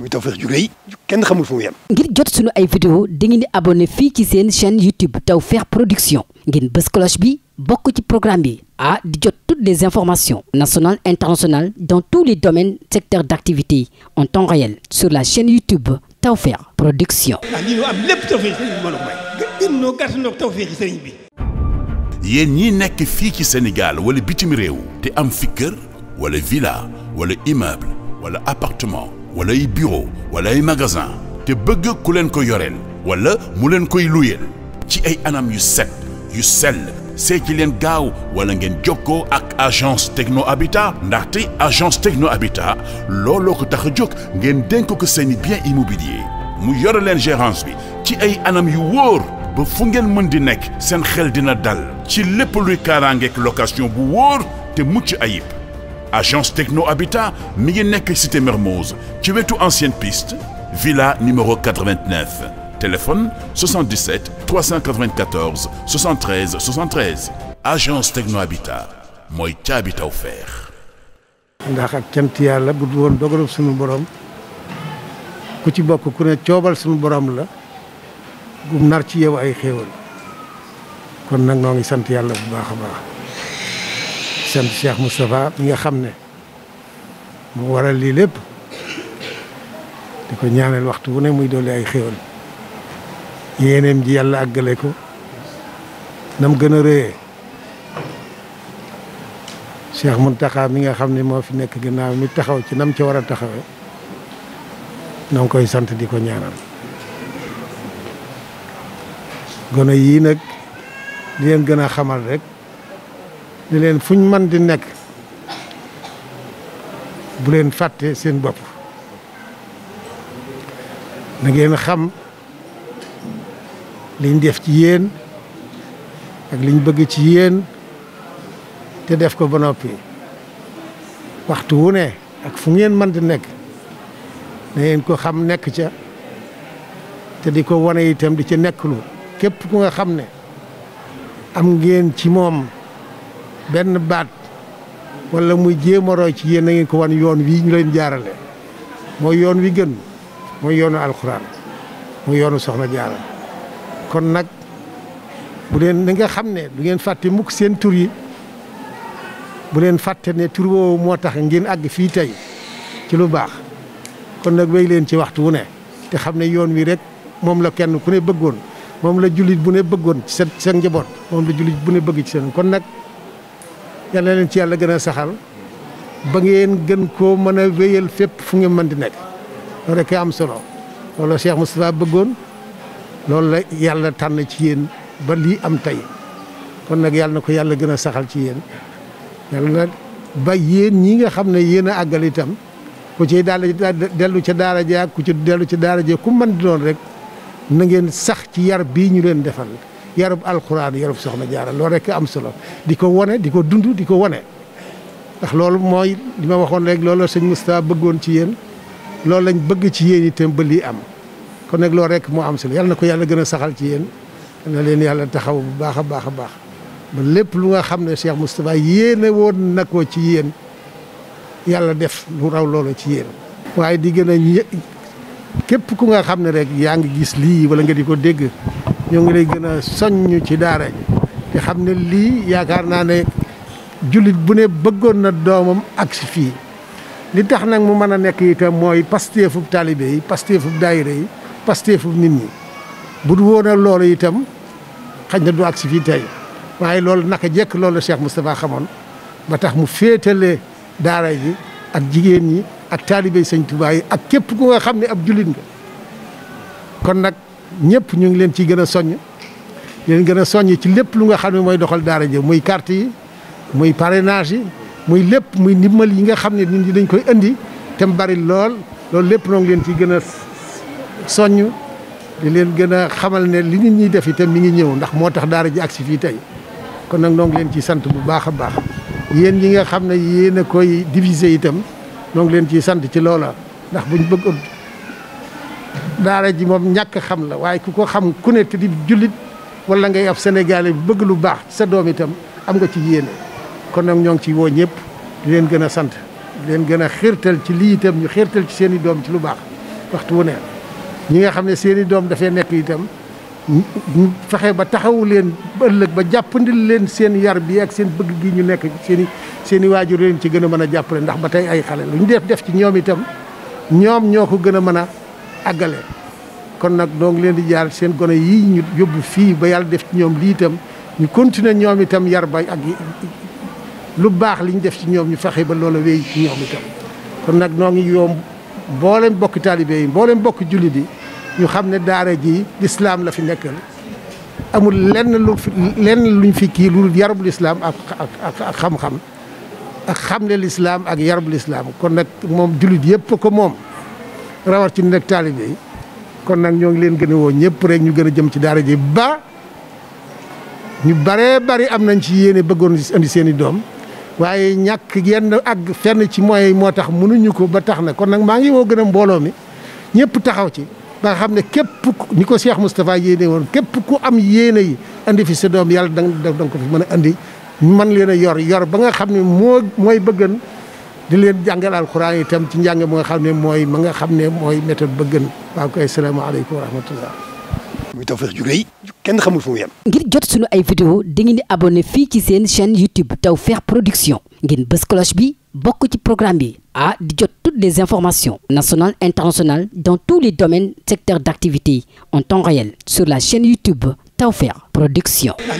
muy Tawfekh ju ngir jot sunu ay vidéo dangeen di abonné fii ci seen chaîne YouTube Tawfekh Production ngeen bës cloche bi bokk ci programme bi ah di jot toutes les informations nationales internationales dans tous les domaines secteurs d'activité en temps réel sur la chaîne YouTube Tawfekh Production. ah lii am lépp Tawfekh sëriñ bi may. gën noo gàtt noo Tawfekh sëriñ bi. yéen nekk fii ci Sénégal wala bitim réew te am fi wala villa wala immeuble wala appartement. wala ay bureau wala ay magasin te bëgg ku leen ko yoreen wala mu leen koy luyeel ci ay anam yu set yu sel see ci leen gaaw wala ngeen jokkoo ak agence techno abita ndaxte agence techno habitat looloo ko tax jóg ngeen dénk ko seeni bien immobilier mu yore leen gérance bi ci ay anam yu woor ba fu ngeen mën di nekk seen xel dina dal ci lépp luy kaaraangeek location bu woor te mucc ayib agence techno habitat mi ngi nekk cité Mermoz ci wetu ancienne piste villa numéro 89 téléphone 77 394 73 73 agence techno habitat mooy ca habitat offert. ndax ak cant yàlla bu du woon dogalub suñu borom ku ci bokk ku ne coobal suñu borom la gum ci yow ay xéewal kon nag noo ngi sant yàlla bu baax a baax. sant Cheikh Moustapha mi nga xam ne mu waral lii lépp di ko ñaanal waxtu wu ne muy dolli ay xéwal yéeneem ji yàlla àggale ko nam gën a rëyee Cheikh Mountakha mi nga xam ne moo fi nekk ginnaaw mi taxaw ci nam ci war a taxawee na koy sant di ko ñaanal gone yii nag di leen gën a xamal rek ne leen fuñ man di nekk bu leen fàtte seen bopp na ngeen xam liñ def ci yeen ak liñ bëgg ci yéen te def ko ba noppi waxtu wu ne ak fu ngeen mën di nekk na ngeen ko xam nekk ca te di ko wane itam di ci nekklu képp ku nga xam ne am ngeen ci moom benn baat wala muy jéem a ci yéen na ngeen ko wan yoon wi ñu leen jaarale mooy yoon wi gën mooy yoonu alxuraan mooy yoonu soxna jaara kon nag bu leen da nga xam ne du ngeen fàtte mukk seen tur yi bu leen fàtte ne tur woowu moo tax ngeen àgg fii tey ci lu baax kon nag wéy leen ci waxtu wu ne te xam ne yoon wi rek moom la kenn ku ne bëggoon moom la jullit bu ne bëggoon ci seen seen njaboot moom la jullit bu ne bëgg ci seen kon nag yal na leen ci yàlla gën a saxal ba ngeen gën koo mën a wéyal fépp fu ngeen mën di nekk loolu rek am solo loolu Cheikh Moustapha bëggoon loolu la yàlla tànn ci yéen ba lii am tey kon nag yàlla na ko yàlla gën a saxal ci yéen yàlla nag ba yéen ñii nga xam ne yéen a àggal itam ku ci daal dellu ca daara ja ku ci dellu ca daara ja ku mën di doon rek na ngeen sax ci yar bii ñu leen defal yarub alxuraan yarub soxna jaara loolu rekk am solo di ko wane di ko dund di ko wane. ndax loolu mooy li ma waxoon rek loolu la sëñ Moustapha bëggoon ci yéen loolu lañ bëgg ci yéen itam ba lii am kon nag loolu rek moo am solo yàlla na ko yàlla gën a saxal ci yéen na leen yàlla taxaw bu baax a baax a baax ba lépp lu nga xam ne Cheikh Moustapha yéene woon na ko ci yéen yàlla def lu raw loolu ci yéen. waaye di gën a képp ku nga xam ne rek yaa ngi gis lii wala nga di ko dégg. ñoo ngi lay gën a soññ ci daara ji te xam ne lii yaakaar naa ne jullit bu ne bëggoon na doomam ak si fii li tax nag mu mën a nekk itam mooy pasteefub taalibe yi pasteefub daayira yi fu nit ñi bu du woon a loolu itam xañ na du ak si fii tey waaye loolu naka jekk loolu Cheikh Moustapha xamoon ba tax mu féetale daara yi ak jigéen ñi ak taalibe Sëñ Tuubaa ak képp ku nga xam ne ab jullit nga kon nag ñëpp ñu ngi leen ci gën a soññ leen gën a soññ ci lépp lu nga xam ne mooy doxal daara ji muy carte yi muy parrainage yi muy lépp muy ndimbal yi nga xam ne nit ñi dañ koy indi te mu bari lool loolu lépp noo ngi leen ci gën a soññ di leen gën a xamal ne li nit ñi def itam mi ngi ñëw ndax moo tax daara ji agsi fii tey kon nag noo leen ci sant bu baax a baax yéen ñi nga xam ne yéen koy diviser itam noo ngi leen ciy sant ci loola ndax buñ bëgg daara ji moom ñàkk xam la waaye ku ko xam ku ne te di jullit wala ngay ab sénégalais bu bëgg lu baax sa doom itam am nga ci yéene kon nag ñoo ngi ci woo ñëpp di gën a sant leen gën a xiirtal ci lii ñu xiirtal ci seen i doom ci lu baax waxtu wu ne ñi nga xam ne seen doom dafay nekk itam fexe ba taxawu leen ba ëllëg ba jàppandil leen seen yar bi ak seen ñu nekk seen i seen waajur leen ci gën a mën a jàppale ndax ba tey ay xale lu ñu def def ci ñoom itam ñoom ñoo ko gën a mën a àggale kon nag doo ngi leen di jaar seen gone yii ñu yóbbu fii ba yàlla def ci ñoom lii itam ñu continuer ñoom itam yar ba ak lu baax li def ci ñoom ñu fexe ba loola wéy ci ñoom itam kon nag noo ngi yoom mboolem bokki taalibe yi mboolem bokki jullit yi ñu xam ne daara ji lislaam la fi nekkal amul lenn luñ fi kii lu yarub lislaam ak ak xam-xam ak xam ne lislaam ak yarub lislaam kon nag moom jullit yëpp ko moom rawatina nag taalibe yi kon nag ñoo ngi leen gën a woo ñëpp rek ñu gën a jëm ci daara ji ba ñu baree bari am nañ ci yéene bëggoon indi seen i doom waaye ñàkk yenn ak fenn ci moyens yi moo tax mënuñu ko ba tax na kon nag maa ngi woo gën a mbooloo mi ñëpp taxaw ci ba xam ne képp ni ko Cheikh Moustapha yéene woon képp ku am yéene yi indi fi sa doom yàlla danga ko fi mën a andi man leen a yor yor ba nga xam ne moo mooy bëggan di leen jàngal alquran itam ci njàng mu nga xam ne mooy ma nga ne mooy ba gën waaw kay salaamaaleykum wa rahmatullah muy Tawfekh ju rëy kenn xamul fu mu yem. ngir jot sunu ay vidéo dangeen di abonné fii ci seen chaîne YouTube Tawfekh Production ngeen bës cloche bi bokk ci programme bi ah di jot toutes les informations national internationales dans tous les domaines secteurs d'activité en temps réel sur la chaîne YouTube Tawfekh Production. ah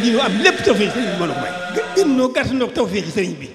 lii